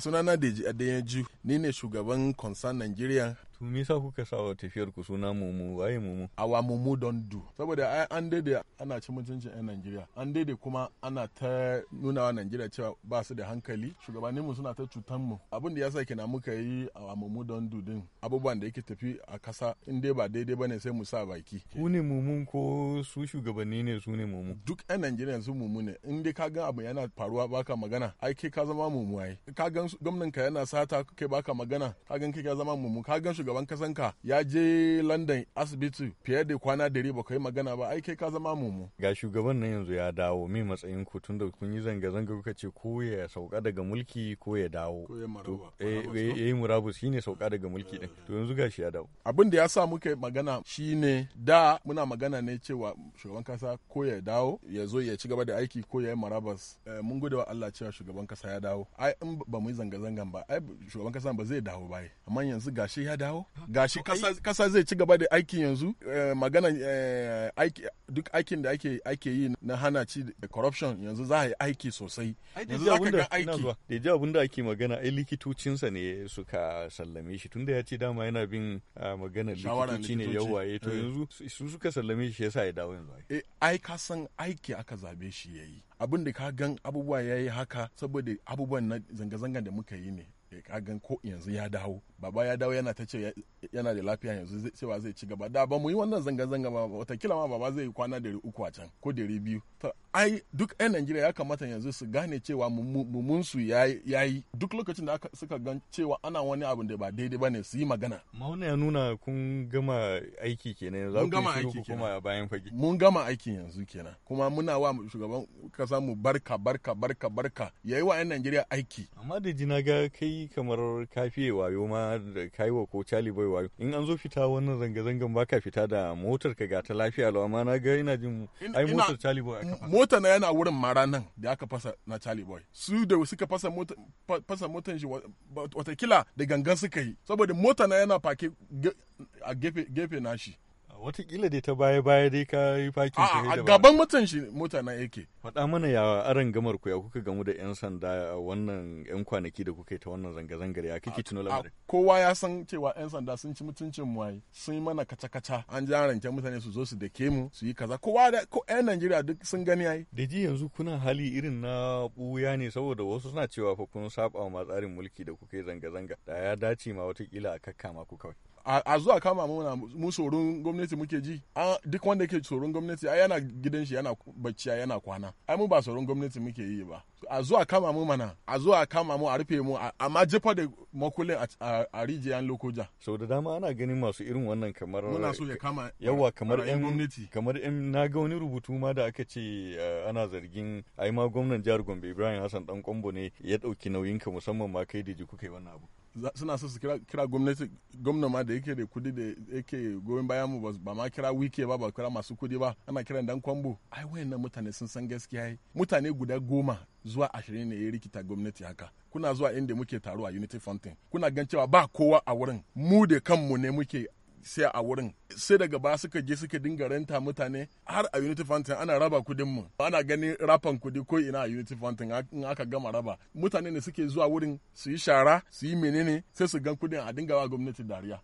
sunana da yanju ni ne shugaban concern nigeria su me yasa kuka sa wa tafiyar ku suna mumu waye mumu awa mumu don du saboda an daidai ana cin mutuncin yan Najeriya an daidai kuma ana ta nuna wa Najeriya cewa ba su da hankali shugabannin mu suna ta cutan mu abin da yasa kina muka yi awa mumu don du din abubuwan da yake tafi a kasa in dai ba daidai bane sai mu sa baki ku ne mumun ko su shugabanni ne su ne mumu duk yan Najeriya su mumu ne in dai ka ga abu yana faruwa baka magana ai ke ka zama mumu ai ka ga gwamnatin ka yana sata kai baka magana ka ga kai ka zama mumu ka ga shugaban kasanka ya je London asibiti fiye da kwana dari ba yi magana ba ai kai ka zama mumu. Ga shugaban nan yanzu ya dawo mai matsayin ku tun da kun yi zanga-zanga kuka ce ko ya sauka daga mulki ko ya dawo. Ko ya yi Eh, eh murabus shine sauka daga mulki din. To yanzu gashi ya dawo. Abin da ya sa muke magana shine da muna magana ne cewa shugaban kasa ko ya dawo ya zo ya ci gaba da aiki ko ya yi marabas. Eh, mun gode wa Allah cewa shugaban kasa ya dawo. Ai in ba mu yi zanga-zangan ba ai shugaban kasa ba zai dawo ba. Amma yanzu gashi ya dawo gashi kasa zai ci gaba da aikin yanzu eh, magana eh, duk aikin da ake yi na hana ci corruption yanzu za a yi aiki sosai yanzu za ka aiki da ji abin da ake magana ai likitocinsa ne suka sallame shi tunda ya ce dama yana bin ah, magana likitoci ne yawaye eh, to yanzu su suka sallame shi yasa ya dawo yanzu ai ka san aiki aka zabe shi yayi abin da ka gan abubuwa yayi haka saboda abubuwan na zanga zanga da muka yi ne ka gan ko yanzu ya dawo baba ya dawo yana ta ce yana da lafiya yanzu cewa zai ci gaba da ba mu yi wannan zanga-zanga ba watakila ma baba zai yi kwana da uku a can ko da biyu ai duk 'yan najeriya ya kamata yanzu su gane cewa mumunsu ya yi duk lokacin da suka gan cewa ana wani abu da ba daidai ba ne su yi magana mauna ya nuna kun gama aiki kenan za ku shiru kuma bayan fage mun gama aiki yanzu kenan kuma muna wa shugaban kasa mu barka barka barka barka yayi wa 'yan najeriya aiki amma da jina ga kai kamar kafiye wayo ma da kai wa ko cali bai wayo in an zo fita wannan zanga zangan baka fita da motar ka ga ta lafiya lau amma na ga ina jin ai motar cali boy mota na yana wurin mara nan da aka fasa na cali boy su da suka fasa mota fasa motan shi watakila da gangan suka yi saboda mota na yana fake a gefe gefe nashi watakila dai ta baya baya dai ka yi fakin shi a gaban mutan shi mota na yake faɗa mana ya aran gamar ku ya kuka gamu da yan sanda wannan yan kwanaki da kuka yi ta wannan zanga zangar ya kike tuno lamarin kowa ya san cewa yan sanda sun ci mutuncin mu ai sun yi mana kaca kaca an ji ranke mutane su zo su dake mu su yi kaza kowa da ko yan Najeriya duk sun gani ai da ji yanzu kuna hali irin na buya ne saboda wasu suna cewa fa kun saba ma tsarin mulki da kuka yi zanga zanga da ya dace ma watakila a kakkama ku kawai a zuwa kama muna mu tsoron gwamnati muke ji duk wanda ke tsoron gwamnati ai yana gidan shi yana bacciya yana kwana ai mu ba tsoron gwamnati muke yi ba a zuwa kama mu mana a zuwa kama mu a rufe mu amma jefa da makulin a rijiyar lokoja sau da dama ana ganin masu irin wannan kamar muna so ya kama yawa kamar yan gwamnati kamar yan na ga wani rubutu ma da aka ce eh, ana zargin ai ma gwamnan jihar Gombe Ibrahim Hassan dan Kombo ne ya dauki nauyin ka musamman ma kai da ji kuka yi wannan abu suna so su kira gwamnati gwamna ma da yake da kudi da yake goyon bayan mu ba ma kira wike ba ba kira masu kudi ba ana kiran dan kwambo ai wayannan mutane sun san gaskiya mutane guda goma zuwa ashirin ne ya rikita gwamnati haka kuna zuwa inda muke taro a unity fountain kuna gan cewa ba kowa a wurin mu da kanmu ne muke sai a wurin sai daga ba suka je suka dinga renta mutane har a unity fountain ana raba kudin mu ana ganin rafan kudi ko ina a unity fountain in aka gama raba mutane ne suke zuwa wurin su yi shara su yi menene sai su gan kudin a dinga wa gwamnati dariya